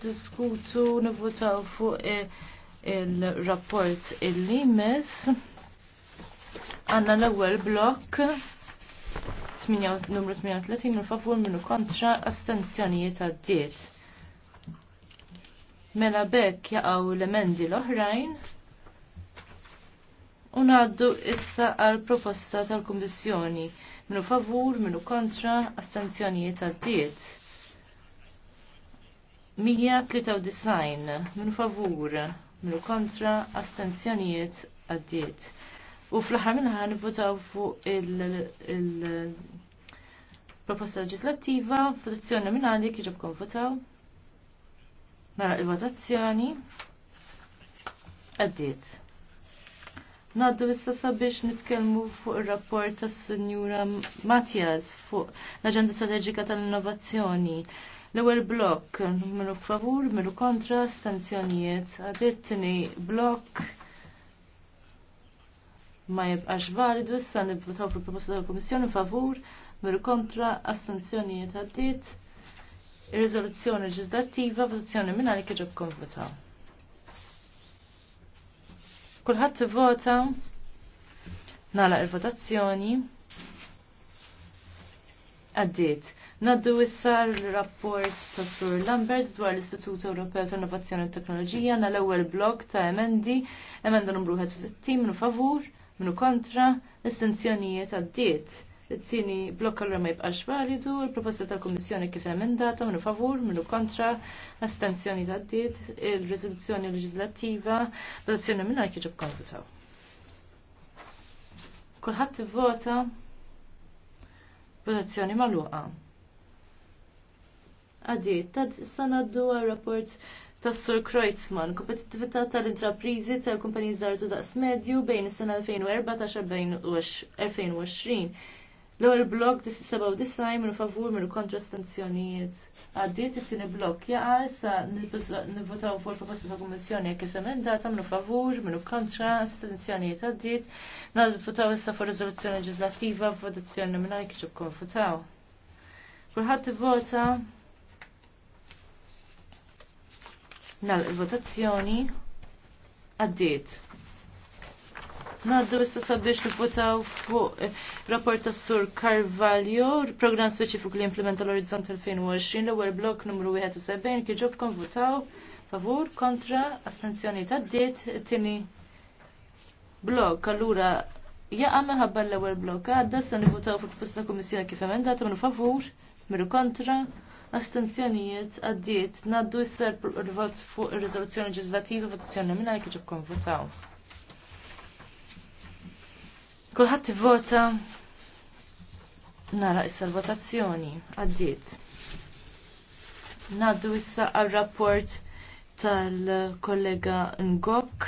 diskutu nivvotaw fuq il-rapport il mis għanna l-ewwel blok numru 38 minn favur minu kontra astenzjonijiet għaddiet. Mela bekk jaqgħu l-emendi l-oħrajn u ngħaddu issa għal proposta tal-Kummissjoni Minu favur minnu kontra astenzjonijiet għaddiet. 193 minn favur minn kontra astenzjonijiet għaddiet. U fl-ħar minnħar nivotaw fuq il-proposta leġislattiva, votazzjoni minn għandi kieġob konvotaw. Nara il-votazzjoni. Għaddiet. Naddu issa sabiex nitkellmu fuq ir-rapport tas-Sinjura Matjas fuq l-Aġenda Strategika tal-Innovazzjoni. L-ewwel blokk minnu favur, minnu kontra, stanzjonijiet. għadittni blok blokk ma jibqax validu, issa nibvotaw fil proposta tal komissjoni favur, minnu kontra, astenzjonijiet għaddiet. Ir-riżoluzzjoni votazzjoni minn għalik iġob konvotaw. Kulħadd ivvota nagħlaq il-votazzjoni għaddiet. Naddu issa rapport ta' Sur Lambert dwar l-Istitut Ewropew ta' Innovazzjoni u Teknoloġija l ewwel blog ta' emendi, emenda numru 60 minu favur, minu kontra, l-istenzjonijiet għaddiet. It-tieni blokk allura ma jibqax validu, il-proposta tal-Kummissjoni kif emendata minu favur, minu kontra, astenzjoni għaddiet, il-riżoluzzjoni leġislattiva, votazzjoni minn għal kieġib Kulħadd ivvota votazzjoni magħluqa għaddi, tad sanaddu għal-rapport tas Sur Kreutzmann, kompetitivita tal-intraprizi tal-kumpaniji żartu daqs medju bejn is-sena 2014-2020. L-ewwel blok 97 minn favur minn kontra stanzjonijiet. Għaddiet it-tieni blok jaqal sa nivvotaw fuq proposta ta' kummissjoni jekk kif emendata minn favur minn kontra stanzjonijiet għaddiet. Nivvotaw issa fuq riżoluzzjoni leġislattiva f'votazzjoni nominali kif votaw. Kulħadd ivvota Nal votazzjoni għaddiet. Naddu issa sabiex nifutaw fuq eh, rapport tas Sur Carvalho, program speċifiku li implementa l-Orizzont 2020, l-ewwel blok numru 71 kien ġobkom votaw favur kontra astenzjoni ta' diet it-tieni blok allura jaqa' meħabba l-ewwel blok għadda se nifutaw fuq posta kummissjoni kif emendat minnu favur, miru kontra, astenzjonijiet għaddiet naddu jisser vot fuq il-rizoluzzjoni ġizlativi votazzjoni minna jek ġibkom votaw. Kulħadd vota nara issa l-votazzjoni għaddiet. Naddu issa għal-rapport tal-kollega Ngok.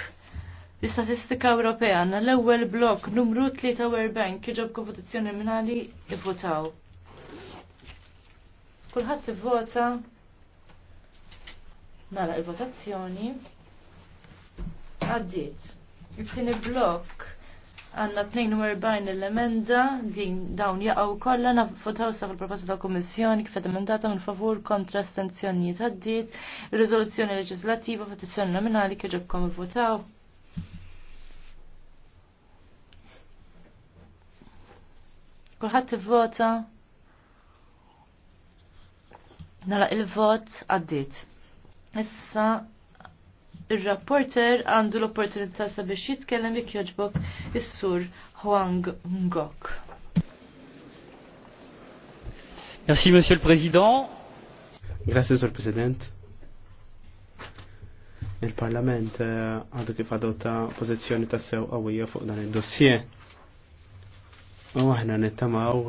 L-istatistika Ewropea għanna l-ewwel blok numru 43 kieġob votazzjoni minali ivvotaw. Kulħadd ivvota nara il-votazzjoni. Għaddiet. Ibtini blok għanna 42 l-emenda din dawn jaqaw kollha nafutaw sa fil-proposta tal kummissjoni kif emendata minn favur kontra stenzjonijiet għaddiet, riżoluzzjoni leġislattiva votazzjoni nominali kif ġobkom votaw. Kulħadd ivvota Nara il-vot għaddit. Issa il-rapporter għandu l-opportunità sabiex jitkellem jekk joġbok is-sur Huang Ngok. Merci, Monsieur le Président. Grazie, Sur President. Il-Parlament eh, għadu kif adotta pożizzjoni ta' sew qawwija fuq dan id-dossier. U aħna nittamaw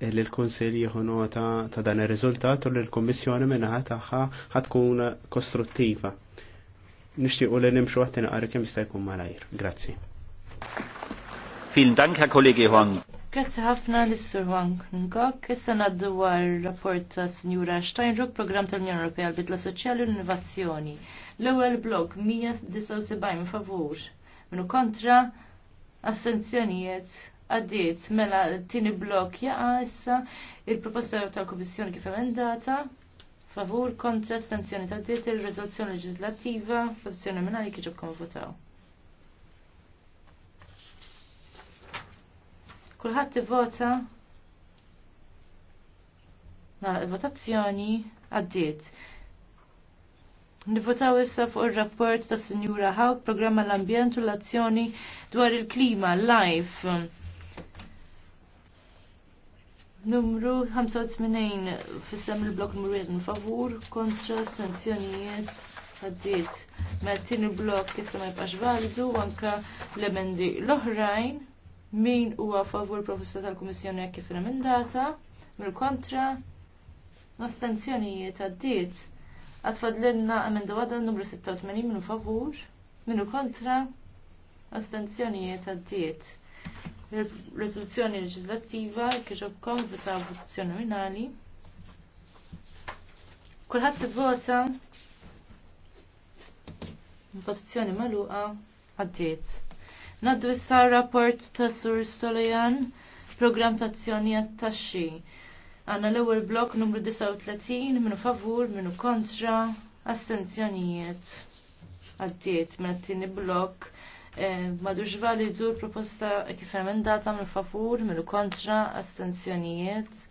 l konsil jihunu ta' dan ir-riżultat u li l-Kummissjoni minnaħa tagħha ħatkun kostruttiva. Nixtiequ li nimxu għat għarri kemm jista' jkun malajr. Grazzi. Fil Dank, Herr Huang. Grazzi ħafna l-Sur Huang Ngok. Issa naddu għar rapport ta' Sinjura Steinruk, program tal-Unjoni Ewropea bidla Soċjali u l-Innovazzjoni. L-ewwel blok 179 favur. Minu kontra astenzjonijiet għaddiet mela tini blok jaqa issa il-proposta tal-Komissjoni kif emendata favur kontra stanzjoni ta' diet il-rezoluzzjoni leġislativa pozizjoni nominali kif ġobkom votaw. Kulħadd ivvota na il-votazzjoni għaddiet. Nivotaw issa fuq il-rapport ta' Sinjura Hawk, programma l-ambjent u l-azzjoni dwar il-klima, live. Numru 85 fissem il-blok numru 1 favur kontra sanzjonijiet għaddit. Mettin il-blok jista ma jibqax validu anka l-emendi l-oħrajn min huwa favur proposta tal-Kummissjoni fina kif emendata mill kontra astenzjonijiet għaddit. Għatfadlilna emenda għadda numru 86 minu favur minu kontra astenzjonijiet għaddit. Risoluzzjoni leġislattiva kieġobkom vota votazzjoni nominali. Kulħadd ivvota votazzjoni magħluqa għaddiet. Naddu issa rapport ta' Sur Stolojan, programm ta' azzjoni għat-taxxi. Għanna l-ewwel blok numru 39 minu favur, minu kontra, astenzjonijiet. Għaddiet minn t-tieni blokk. Eh, madux validu l-proposta kif emendata mill favur mill kontra astenzjonijiet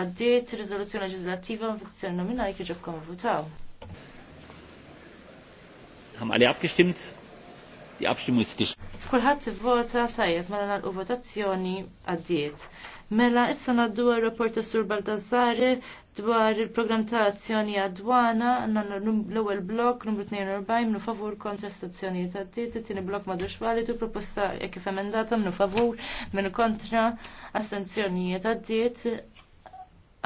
għaddiet riżoluzzjoni leġislattiva votazzjoni nominali kif ġobkom votaw. Haben għalli abgestimmt? Die Abstimmung ist Kulħadd ivvota tajjeb mela nagħlqu votazzjoni għaddiet. Mela, issa naddu rapport ta' Sur Baltazzari dwar il-program ta' azzjoni għadwana, għanna l-ewel blok, numru 42, mnu favur kontra stazzjoni ta' d-dit, t-tini blok madux valitu, proposta kif emendata, mnu favur, mnu kontra astenzjoni ta' d-dit,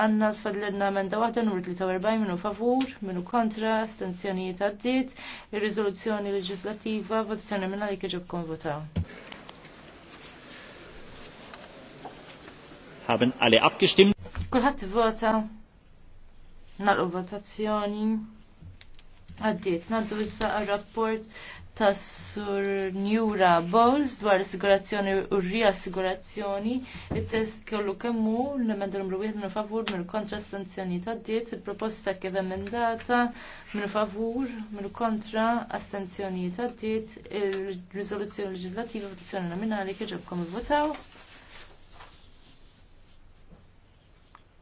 għanna tfadlirna emenda waħda numru 43 minnu favur, minnu kontra, astenzjoni ta' d-dit, il-rizoluzzjoni leġislativa, votazzjoni minna li kħiġu konvota. Haben alle abgestimmt? Kulħadd vota nal votazzjoni. Għaddiet, naddu issa għal-rapport tas Sur Njura Bowles dwar assigurazzjoni u riassigurazzjoni. Il-test kollu kemmu l-emenda numru 1 minn favur minn kontra astenzjoni ta' diet, il-proposta kif emendata minn favur minn kontra astenzjoni ta' diet, il-rizoluzzjoni legislativa votazzjoni nominali kħiġab kom votaw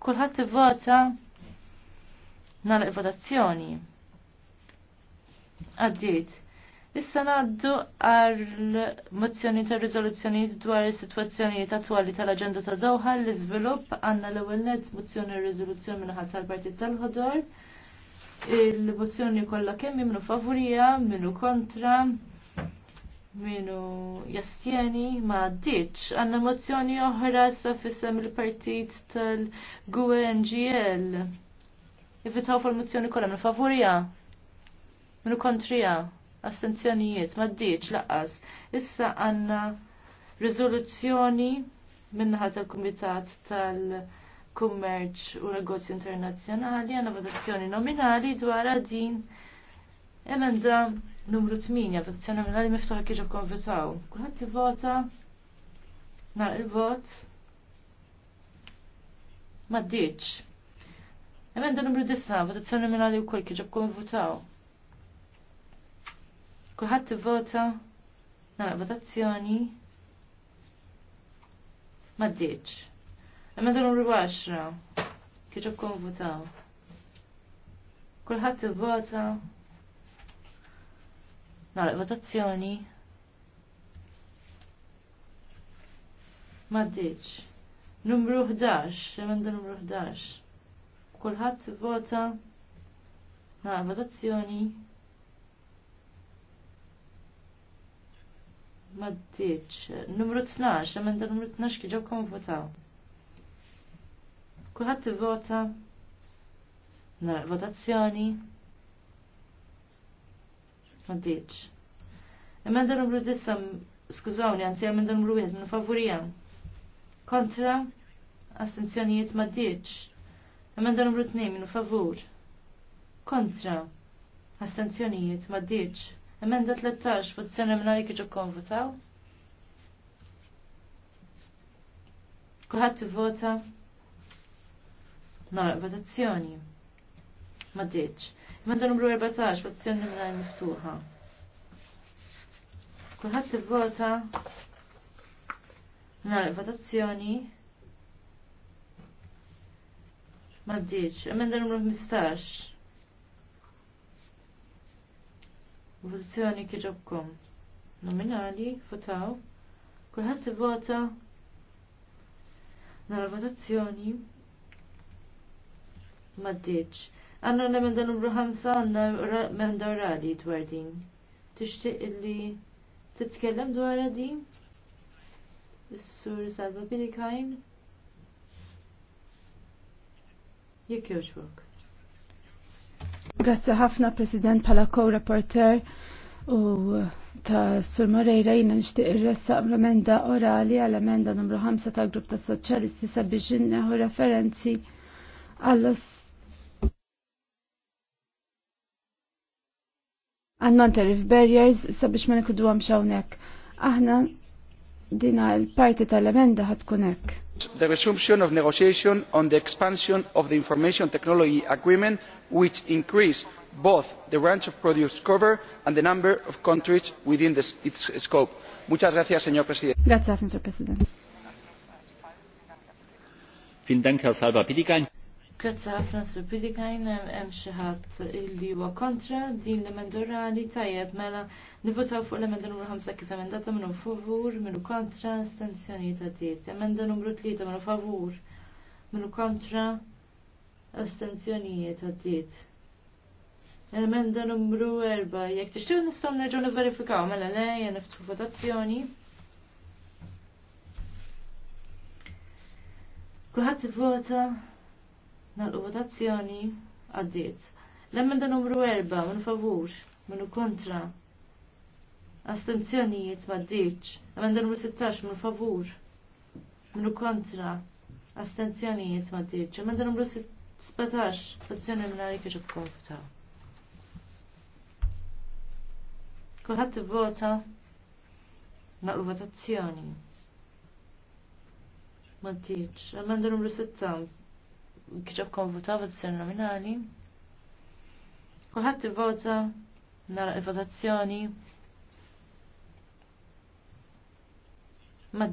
Kulħadd ivvota nagħlaq votazzjoni. Għaddit. Issa naddu għal mozzjoni ta' rizoluzzjoni dwar is-sitwazzjonijiet attwali tal-Aġenda ta' Doha l-iżvilupp għandna l-ewwel mozzjoni mozzjoni riżoluzzjoni minħat tal-Partit tal-Ħodor. Il-mozzjoni kollha kemm minnu favorija, minnu kontra, minu jastjeni ma ditx għanna mozzjoni oħra sa fissem il-partit tal-GUNGL. Ivitaw fil-mozzjoni kolla minu favorija, minu kontrija, astenzjonijiet, ma ditx laqqas. Issa għanna rizoluzzjoni minnaħat tal-Kumitat tal-Kummerċ u Negozju Internazzjonali għanna votazzjoni nominali dwar din Emenda numru 8, votazzjoni nominali miftuħa kieġa konvitaw. Kulħadd vota nar il-vot maddiċ. Emenda numru 9, votazzjoni nominali wkoll kieġa konvitaw. Kulħadd ivvota nar votazzjoni maddiċ. Emenda numru 10, kieġa konvitaw. Kulħadd ivvota Nara votazzjoni. Maddiċ. Numru 11, emenda numru 11. Kulħadd vota nara votazzjoni. Maddiċ. Numru 12, emenda numru 12 kieġaw kom votaw. Kulħadd vota nara votazzjoni maddiċ. Emenda numru disam skużawni, għanzi emenda numru 1, minn favorija. Kontra, astenzjonijiet maddiċ. Emenda numru 2, minn favur. Kontra, astenzjonijiet maddiċ. Emenda 13, votazzjoni nominali kieġu konvotaw. Kulħadd vota. Nara votazzjoni. Maddiċ. Manda numru 14, votazzjoni nominali miftuħa. Kulħadd ivvota nagħlaq mela, votazzjoni. Maddiċ, emenda numru 15. Votazzjoni kieġobkom. Nominali, votaw. Kulħadd ivvota nagħlaq mela, votazzjoni. Maddiċ. Għanna l-emenda numru 5 għanna emenda orali dwar din. Tixtieq illi titkellem dwar din? Is-sur Salva Pilikajn? Jekk jogħġbok. Grazzi ħafna President pala co-reporter u ta' Sur Moreira jina nishtiq irressa l-emenda orali għal emenda numru 5 tal grupp ta' soċjalisti sabiex neħu referenzi għall non-tariff barriers sabiex ma nikudu għam xawnek. Aħna dina l-parti tal-emenda ħatkunek. The resumption of negotiation on the expansion of the Information Technology Agreement which increase both the range of produce cover and the number of countries within this, its scope. Muchas gracias, señor presidente. Gracias, señor presidente. Vielen Dank, Herr Salva Pitikain. Grazie ħafna Sur Pidikajn, hemm xi ħadd li huwa kontra din l-emenda tajjeb mela nivvotaw fuq l-emenda numru 5 kif emendata minnu favur, minnu kontra, ta' għaddiet. Emenda numru 3 minnu favur, minnu kontra, ta' għaddiet. Emenda numru 4, jekk tixtiew nistgħu nerġgħu nivverifikaw mela lejja niftħu votazzjoni. Kuħat vota nal votazzjoni għaddiet. L-emenda numru 4 minn favur, minn kontra. Astenzjonijiet ma ddiċ. Emenda numru 16 minn favur, minn kontra. Astenzjonijiet ma ddiċ. Emenda numru 17, votazzjoni minn għalik iġu konfita. Kulħadd vota nal votazzjoni. Ma ddiċ. Emenda numru 16 kħiġob konvuta votazzjoni nominali. Kulħadd vota nara il-votazzjoni. Ma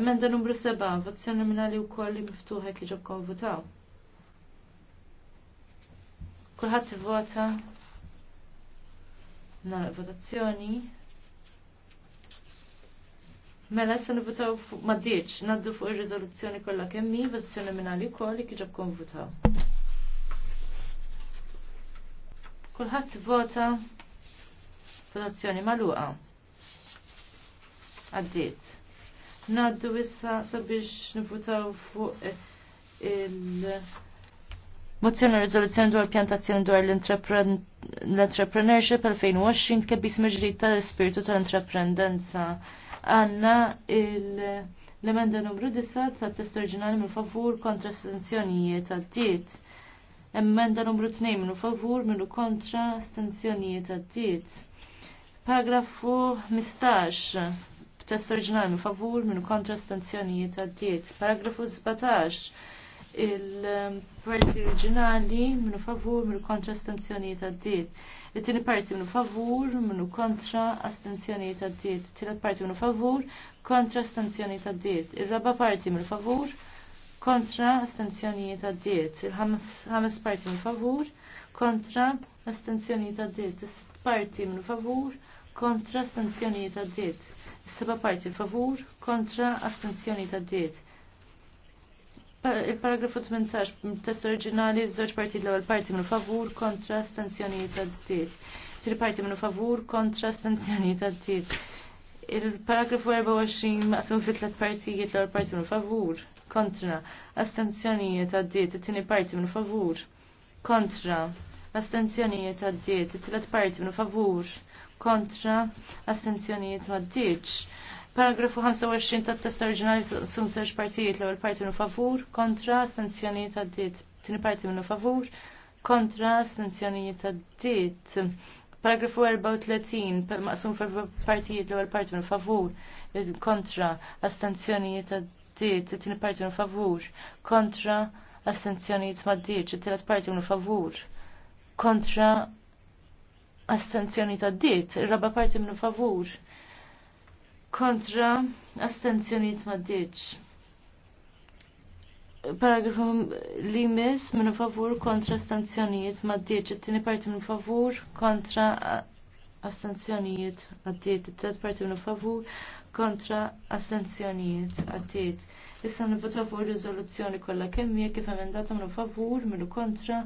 Emenda numru 7, votazzjoni nominali wkoll li miftuħe kħiġob konvutaw. Kulħadd vota nara il-votazzjoni. Mela se nivutaw fuq maddiċ, naddu fuq ir-riżoluzzjoni kollha kemm hi votazzjoni nominali wkoll li kieġeb konvutaw. Kulħadd vota votazzjoni magħluqa. Għaddiet. Naddu issa sabiex nivutaw fuq eh, il- Mozzjoni rizoluzzjoni dwar pjantazzjoni dwar l-entrepreneurship 2020 kebbis meġrit tal spiritu tal intraprendenza għanna l-emenda numru 10 ta' test oriġinali minn favur kontra astenzjonijiet għaddiet. Emenda numru 2 minn favur minnu kontra ta għaddiet. Paragrafu 15 test oriġinali minn favur minnu kontra astenzjonijiet għaddiet. Paragrafu 17 il-parti oriġinali minnu favur minnu kontra d għaddiet. Il-tieni parti minnu favur minnu kontra d għaddiet. il tini parti minnu favur kontra d għaddiet. Il-raba parti minnu favur kontra astenzjonijiet għaddiet. Il-ħames parti minnu favur kontra d għaddiet. Il-sitt parti minnu favur kontra d għaddiet. Il-seba parti favur kontra d għaddiet Il-paragrafu 18, test oriġinali, żewġ parti l-ewwel parti minn favur kontra stanzjonijiet għaddiet. Tiri parti minn favur kontra stanzjonijiet għaddiet. Il-paragrafu 24 maqsum fit tlet partijiet l-ewwel parti minn favur kontra astenzjonijiet għaddiet, it-tieni parti minn favur kontra astenzjonijiet għaddiet, it tliet parti minn favur kontra astenzjonijiet ma' Paragrafu 25 tat test oriġinali sum sewġ partijiet l-ewwel parti minnu favur, kontra sanzjonijiet għaddiet. Tieni parti minnu favur, kontra sanzjonijiet għaddiet. Paragrafu 34 maqsum partijiet l-ewwel parti minnu favur, kontra astenzjonijiet għaddiet. Tieni parti minnu favur, kontra astenzjonijiet maddiet. Eh, Tielet parti minnu favur, kontra astanzjonijiet għaddiet. Ir-raba parti minnu favur kontra astenzjoniet ma ddiċ. Paragrafu li mis minu favur kontra astenzjoniet ma ddiċ. It-tini parti minu favur kontra astenzjoniet ma ddiċ. It-tret parti minu favur kontra astenzjoniet ma ddiċ. Issa nivvota fuq riżoluzzjoni kollha kemm hija kif emendata minn favur minn kontra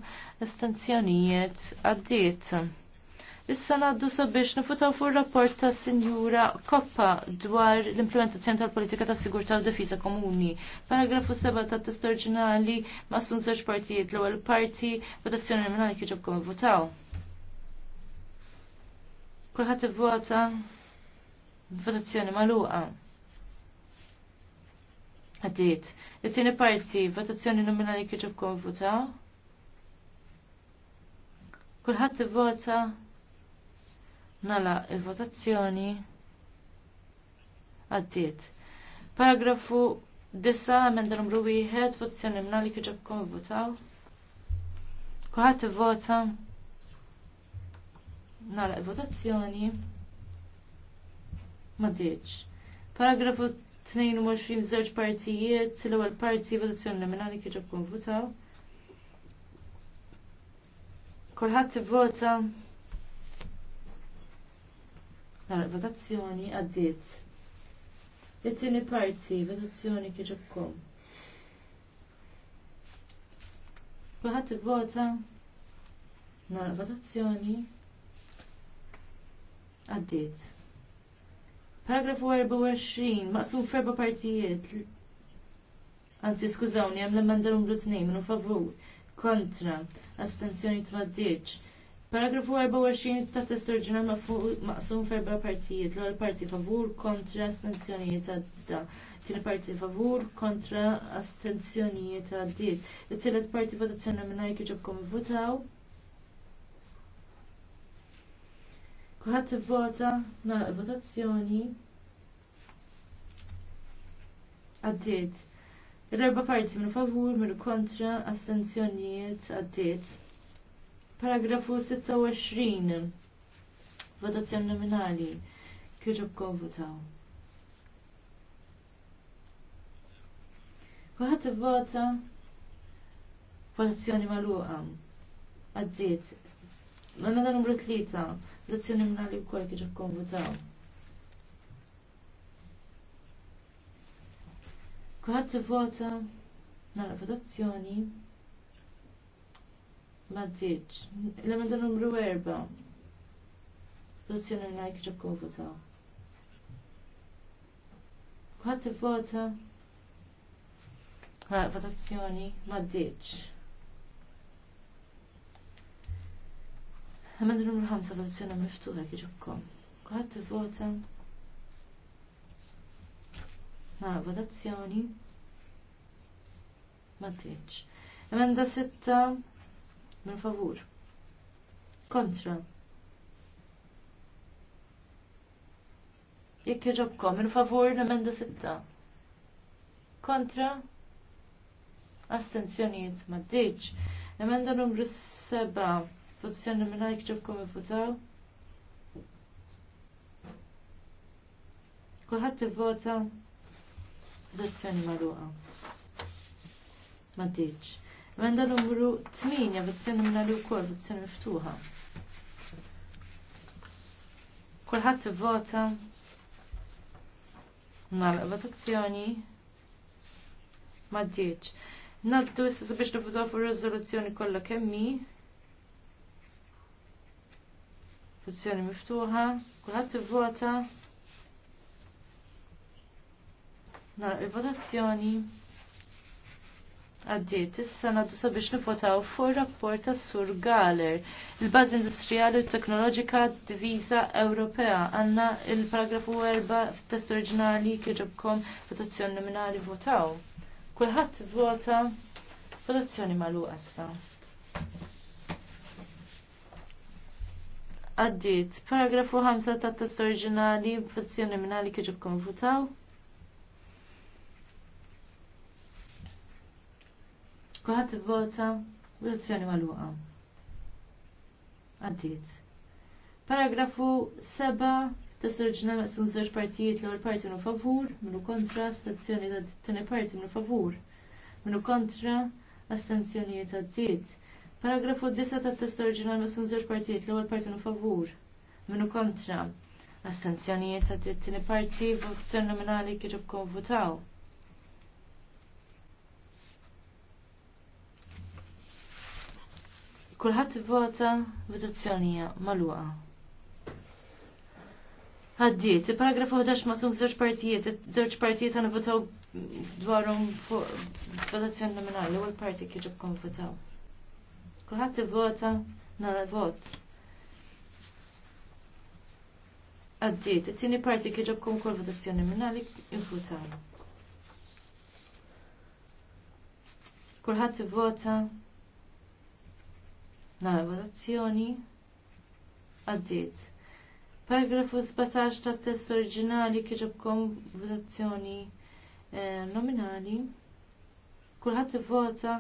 astenzjonijiet għaddiet. Issa naddu sabiex nifutaw fuq rapport ta' Sinjura Koppa dwar l-implementazzjoni tal-politika ta' sigurtà u difiża komuni. Paragrafu 7 ta' test oriġinali ma' sun partijiet l-ewwel parti votazzjoni nominali kif kom votaw. Kulħadd ivvota votazzjoni magħluqa. Għaddiet. It-tieni parti votazzjoni nominali kif kom votaw. Kulħadd ivvota Nala il-votazzjoni għaddiet. Paragrafu 9, emenda numru 1, votazzjoni nominali kif ġabkom votaw. Kuħat vota Nala il-votazzjoni ma diċ. Paragrafu 22 żewġ partijiet, l-ewwel parti votazzjoni nominali kif votaw. Kulħadd ivvota votazzjoni għaddiet. It-tieni parti, votazzjoni kieġobkom. Kulħadd vota Nara votazzjoni għaddiet. Paragrafu 24, maqsum ferba partijiet. Anzi, skużawni, hemm l-emenda numru minu favur, kontra, astenzjoni t-maddiċ. Paragrafu 24 ta' test oriġinal maqsum f'erba' partijiet. L-ewwel parti favur kontra astenzjonijiet għadda. Tieni parti favur kontra astenzjonijiet għaddiet. It-tielet parti votazzjoni nominali kif ġobkom votaw. Kulħadd ivvota na votazzjoni. Għaddiet. Il-erba' parti minn favur, minn kontra, astenzjonijiet għaddiet. Paragrafu 26. Votazzjoni nominali. Kieġu votaw. Kuħat vota votazzjoni maluqa. Għadżiet. Għanna numru tlita. Votazzjoni nominali wkoll kieġu votaw. Kuħat vota nara votazzjoni ma ddiċ. L-emenda numru 4. Votazzjoni nominali kif ġabkom votaw. vota votazzjoni ma ddiċ. Emenda numru 5 votazzjoni miftuħa kif ġabkom. vota Nara votazzjoni ma ddiċ. Emenda 6 Min favur. Kontra. Jek jġobkom, min favur l-emenda sitta. Kontra. Astenzjoniet, ma Emenda numru seba. Votazzjoni minna jekk ġobkom votaw. Kulħadd ivvota votazzjoni magħluqa. Ma ddiċ. Menda numru 8, votazzjoni nominali wkoll, votazzjoni miftuħa. Kulħadd ivvota nagħlaq votazzjoni ma ddieċ. Naddu issa sabiex nifutaw fuq riżoluzzjoni kollha kemm hi. Votazzjoni miftuħa, kulħadd ivvota. Nara il-votazzjoni. Għaddiet, issa naddu sabiex nifotaw fuq rapport ta' Sur Galer, il-baż industrijali u teknoloġika divisa Ewropea. Għanna il-paragrafu 4 f'test oriġinali kieġobkom votazzjoni nominali votaw. Kulħadd vota votazzjoni magħluqa issa. Għaddiet, paragrafu 5 ta' test oriġinali votazzjoni nominali kieġobkom votaw. Kulħadd ivvota votazzjoni magħluqa. Għaddiet. Paragrafu 7 tas-sorġina naqsum żewġ partijiet l-ewwel parti minnu favur, minnu kontra, astenzjoni ta' tieni parti minnu favur, minnu kontra, astenzjonijiet għaddiet. Paragrafu 9 ta' test oriġinali naqsum żewġ partijiet l-ewwel parti minnu favur, minnu kontra, astenzjonijiet għaddiet tieni parti votazzjoni nominali kieġu konvutaw. votaw. Kulħadd vota votazzjonija magħluqa. Għaddiet, paragrafu 11 ma' żewġ partijiet, żewġ partijiet għan votaw dwarhom fuq votazzjoni nominali, l-ewwel parti kif ġobkom votaw. Kulħadd ivvota nara vot. Għaddiet, it-tieni parti kif ġobkom ukoll votazzjoni nominali infutaw. Kulħadd ivvota Nara votazzjoni. Għaddiet. Paragrafu 17 tat test oriġinali kieġobkom votazzjoni eh, nominali. Kulħadd ivvota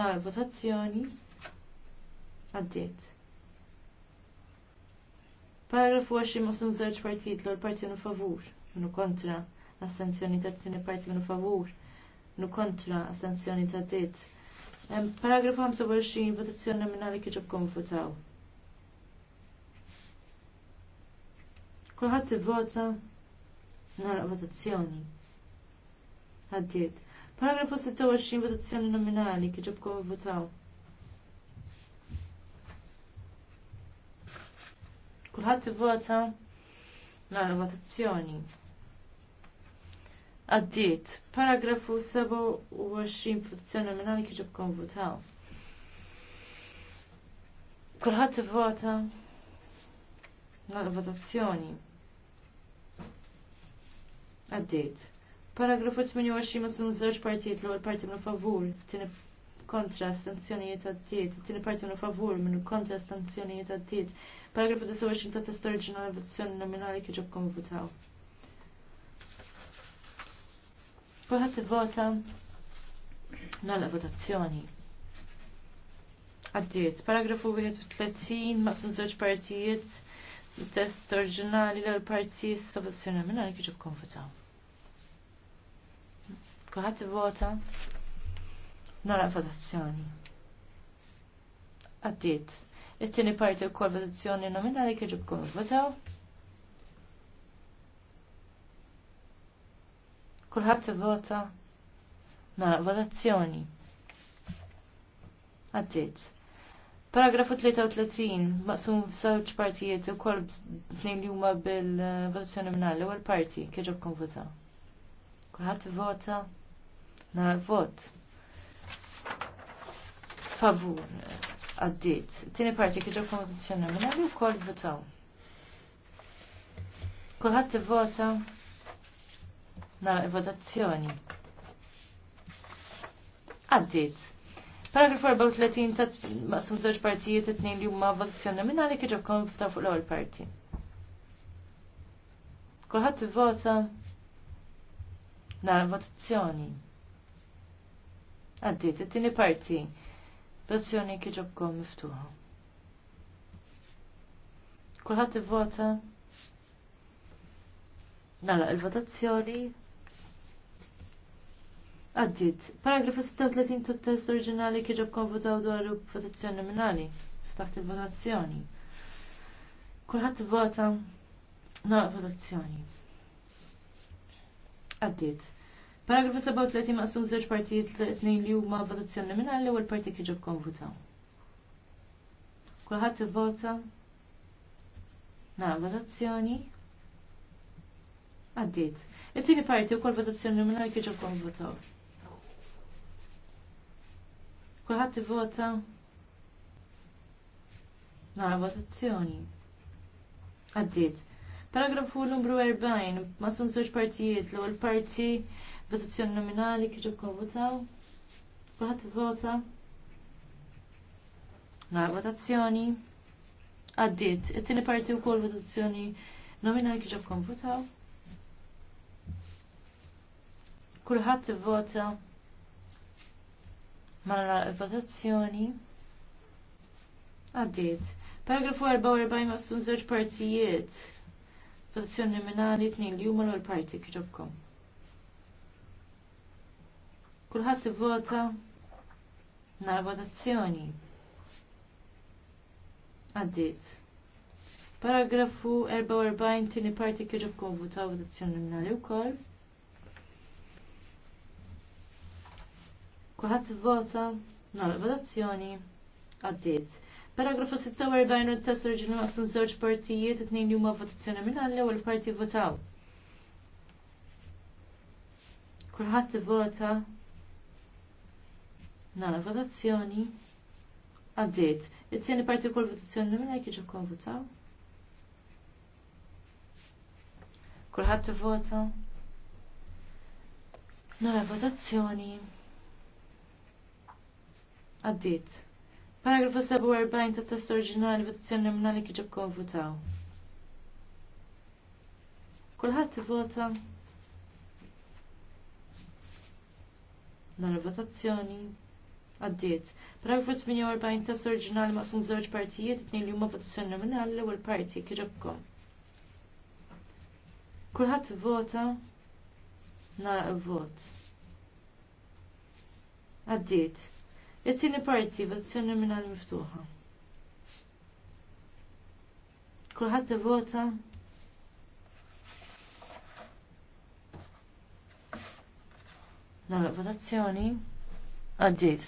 nar votazzjoni għaddiet. Paragrafu 20 maqsum żewġ partijiet l parti nu favur, nu kontra, astenzjoni tat tieni parti nu favur, nu kontra, astenzjoni ta' Paragraf 25, votazzjoni nominali kieġob konfutaw. Kulħadd vota nagħlaq votazzjoni. Għaddiet. Paragrafu 26, votazzjoni nominali kieġob konfutaw. Kulħadd vota nagħlaq votazzjoni għaddiet. Paragrafu 27 votazzjoni nominali kif ġobkom votaw. Kulħadd għal votazzjoni. Għaddiet. Paragrafu 28 ma sun żewġ partijiet l-ewwel parti minn favur, tini kontra stanzjonijiet għaddiet, tini parti minn favur minn kontra stanzjonijiet għaddiet. Paragrafu 27 ta' test oriġinali votazzjoni nominali kħiġab ġobkom votaw. Kulħadd vota nalla votazzjoni. Għaddiet, paragrafu 31 maqsum żewġ partijiet test oriġinali l partijiet minna votazzjoni minnha kif Kulħat Kulħadd vota nagħlaq votazzjoni. Għaddiet, it-tieni parti wkoll votazzjoni nominali kif konvotaw. Kulħadd vota nara votazzjoni. Għaddit. Paragrafu 33, maqsum f'żewġ partijiet ukoll tnejn li huma bil-votazzjoni mingħajr l-ewwel parti kieġob kun vota. Kulħadd ivvota nara l-vot. Favur għaddit. Tieni parti kieġob kun votazzjoni mingħajr ukoll votaw. Kulħadd ivvota nara votazzjoni. Għaddit. Paragraf 34 ta' maqsum żewġ partijiet it-tnejn li huma votazzjoni nominali kif ġobkom fuq l-ewwel parti. Kulħadd ivvota nara votazzjoni. Għaddit, it-tieni parti votazzjoni kif ġobkom miftuħa. Kulħadd ivvota Nala, il-votazzjoni Għaddit, paragrafu 36 tat test oriġinali kieġu konvotaw dwar votazzjoni nominali, ftaħt il-votazzjoni. Kulħadd vota na' votazzjoni. Għaddit. Paragrafu 37 maqsum żewġ partijiet tnejn li huma votazzjoni nominali u l-parti kieġu konvotaw. Kulħadd vota na' votazzjoni. Għaddit. It-tieni parti kol votazzjoni nominali kieġu konvotaw. Kulħadd vota nara votazzjoni. Għaddit. Paragrafu numru 40, ma sun żewġ partijiet, l-ewwel parti votazzjoni nominali kħiġu ġobkom votaw. Kulħadd vota nara votazzjoni. Għaddit. it-tieni parti wkoll votazzjoni nominali kħiġu ġobkom votaw. Kulħadd ivvota Mala votazzjoni. għaddit Paragrafu 44 maqsum żewġ partijiet. Votazzjoni nominali tnejn li huma l-ewwel parti kieġobkom. Kulħadd ivvota nhar votazzjoni. għaddit Paragrafu 44 tieni parti kieġobkom votaw votazzjoni nominali wkoll. Kuħat vota, nal votazzjoni, għaddit. Paragrafu 46 u test oriġinu għasun żewġ partijiet it-tnejn li huma votazzjoni minn għall l parti votaw. Kulħadd ivota nara votazzjoni għaddiet. It-tieni parti kull votazzjoni nominali kieġu kon votaw. Kulħadd vota. nara votazzjoni Għaddit. Paragrafu 47 ta' test oriġinali votazzjoni nominali kieġib konvutaw. Kulħadd vota nar votazzjoni għaddiet. Paragrafu 48 test oriġinali maqsum żewġ partijiet tnejn li huma votazzjoni nominali l-ewwel parti kieġib kon. Kulħadd ivota nara vot Għaddiet. Jettini tieni parti, votazzjoni nominali miftuħa. Kulħadd vota. Nagħlaq votazzjoni. Għaddit.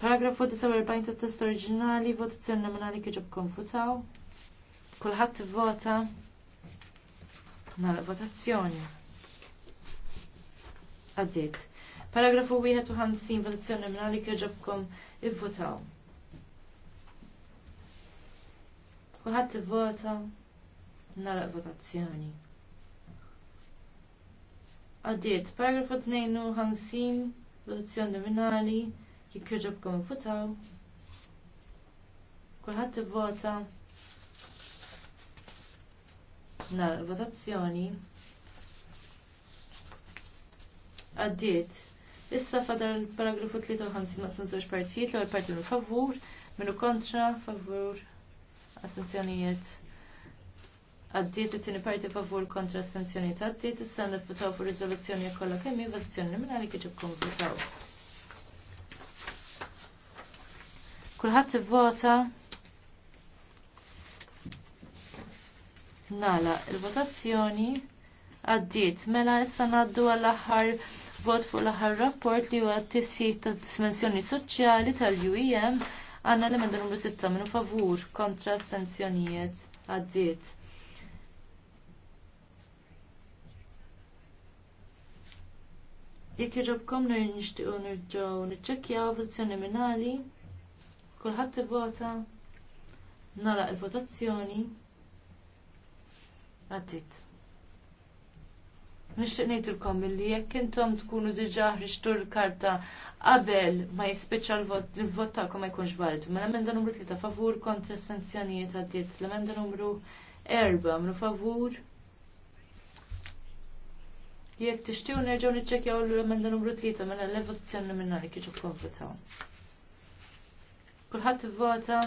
Paragrafu 47 ta' test oriġinali, votazzjoni nominali kieġob konfutaw. Kulħadd vota. Nara, votazzjoni. Għaddit. Paragrafu 51 votazzjoni nominali votaw ivvotaw. i-vota nalak votazzjoni. Għaddiet, paragrafu 52 votazzjoni nominali i-votaw. Kuħat i-vota nalak votazzjoni. Għaddiet, Issa fadar il-paragrafu 53 naqsun żewġ partijiet l-ewwel parti minnu favur, minnu kontra, favur, astenzjonijiet. Għaddiet it-tieni parti favur kontra astenzjonijiet għaddiet issa nifutaw fuq jekolla kollha kemm hi votazzjoni nominali kif Kulħat Kulħadd ivvota nala il-votazzjoni għaddiet mela issa ngħaddu għall-aħħar vot fuq l-aħħar rapport li huwa tisjib ta' dimensjoni soċjali tal-UEM għandna l-emenda numru 6 minu favur kontra sanzjonijiet għaddiet. Jekk jġobkom nar nixtiequ nirġgħu niċċekkjaw votazzjoni nominali, kulħadd vota nara il-votazzjoni għaddiet. Nixtieq ngħidilkom milli jekk intom tkunu diġà ħriġtu l-karta qabel ma jispiċċa l-vot tagħkom ma jkunx validu. Mela emenda numru tlieta favur kontra sanzjonijiet għaddiet. L-emenda numru erba' mru favur. Jekk tixtiew nerġgħu niċċekkjaw l-emenda numru tlieta mela l-votazzjoni nominali kieġu konvotaw. Kulħadd ivvota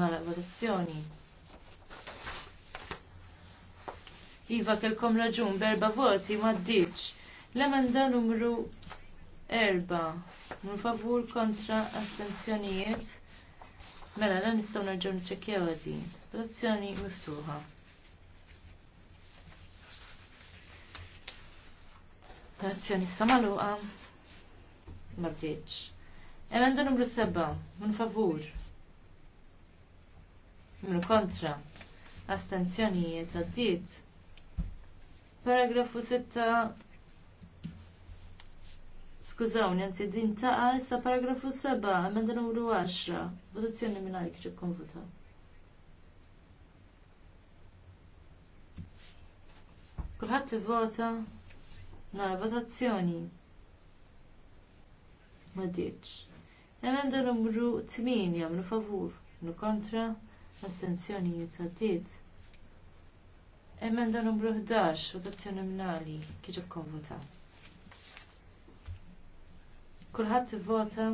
nagħlaq votazzjoni. Iva kelkom raġun, berba voti ma ddiċ. L-emenda numru erba. Mun favur kontra astenzjonijiet. Mela, l nistaw nerġaw nċekjaw għadi. Votazzjoni miftuħa. Votazzjoni samaluqa. Ma ddiċ. Emenda numru seba' Mun favur. Mun kontra. Astenzjonijiet għaddiet. Paragrafu 6 Skużawni, għanzi din taqa issa paragrafu 7, emenda numru 10. Votazzjoni minn għalik ġib konvuta. Kulħadd vota nara votazzjoni. Ma diċ. Emenda numru 8 minn favur, minn kontra, astenzjonijiet għaddiet. Emenda numru 11, votazzjoni nominali, kieġu konvota. Kulħadd vota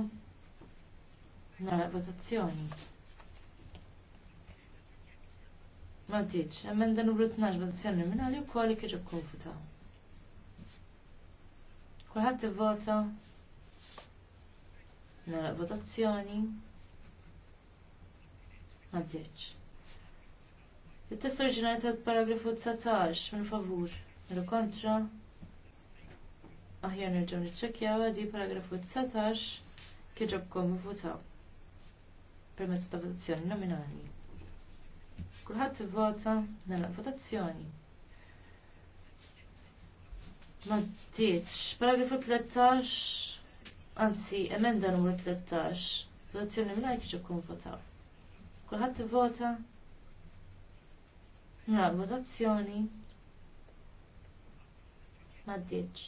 nara votazzjoni. Matiċ, emenda numru 12, votazzjoni nominali u kwali kieġu konvota. Kulħadd vota nara votazzjoni. Matiċ. Il-test oriġinali tal-paragrafu 19 minn favur minn kontra. Aħjar nerġgħu niċċekkjaw di paragrafu 19 kif ġobkom votaw permezz ta' votazzjoni nominali. Kulħadd vota nella votazzjoni. Ma tiċ, paragrafu 13 anzi, emenda numru 13, votazzjoni nominali kif ġobkom votaw. Kulħadd vota Nara votazzjoni. Maddiċ.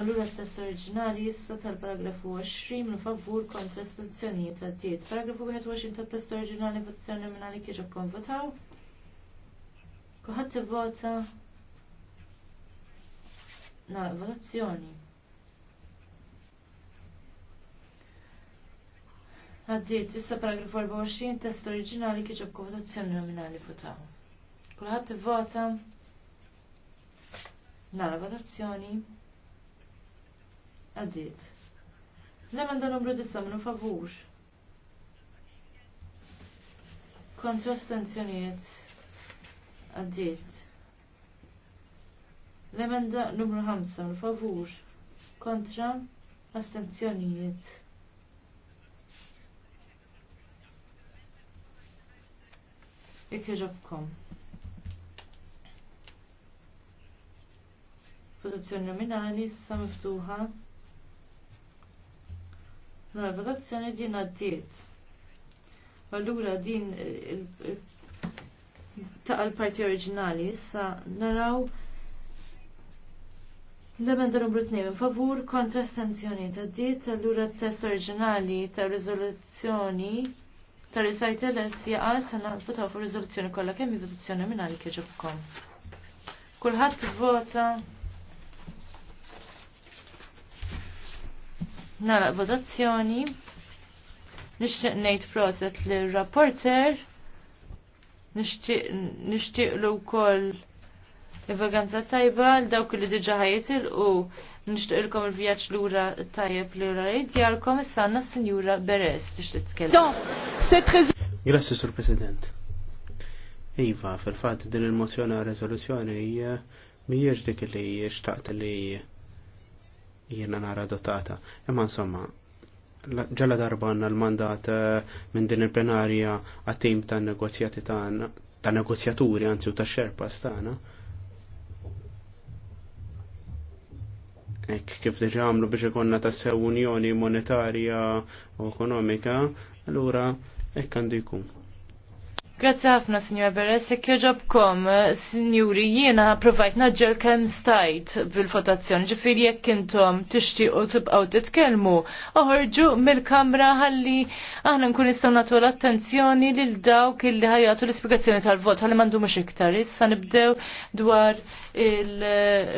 Allura stess oriġinali issa tal-paragrafu 20 minn favur kontra stazzjonijiet għaddiet. Paragrafu 21 tat-test oriġinali votazzjoni nominali kieġa konvotaw. Kuħat vota nara votazzjoni. Għaddiet issa paragrafu 24 test oriġinali kieġa konvotazzjoni nominali votaw. Kulħadd ivvota. Nara votazzjoni. Għaddiet. L-emenda numru 9 minu favur. Kontra astenzjonijiet. Għaddiet. L-emenda numru 5 minu favur. Kontra astenzjonijiet. Ikkeġobkom. votazzjoni nominali issa miftuħa. No, votazzjoni din għaddiet. Allura din eh, ta' għal parti oriġinali issa naraw l-emenda numru 2 favur kontra estensjoni ta' diet allura t-test oriġinali ta' riżoluzzjoni ta' risajt l s għal sena votaw fuq riżoluzzjoni kollha kemm votazzjoni nominali kieġobkom. Kulħadd vota Nara votazzjoni. Nixtieq ngħid proset li rapporter nixtieq lu wkoll il-vaganza tajba l dawk li diġa ħajitil u nixtieqilkom il-vjaġġ lura tajjeb li lura jdjarkom issa għandna Sinjura Beres tixtieq tkellem. Grazzi Sur President. Iva, fil-fatt din il-mozzjoni rezoluzzjoni hija mhijiex dik li xtaqt li jiena nara dotata. Imma insomma, ġala darba għanna l-mandat eh, minn din il-plenarja għat-tim ta' negozjati ta' ta' negozjaturi anzi u ta' xerpa stana. Ek kif diġa għamlu biex ikonna ta' sew unjoni monetarja u ekonomika, allura ek għandu jkun. Grazzi ħafna, Signor Beres, jek joġobkom, eh, Signori, jiena provajt naġġel kem stajt bil-votazzjoni, ġifiri jekk intom tixtiqu t titkelmu, oħorġu mill-kamra ħalli aħna nkun nistgħu nagħtu l-attenzjoni lil dawk illi ħajatu l spiegazzjoni tal-vot ħalli m'għandu mhux iktar. Issa nibdew dwar il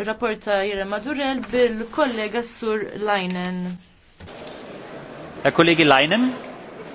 rapporta Jira Madurel bil-kollega Sur Lajnen. Kollegi Lajnen?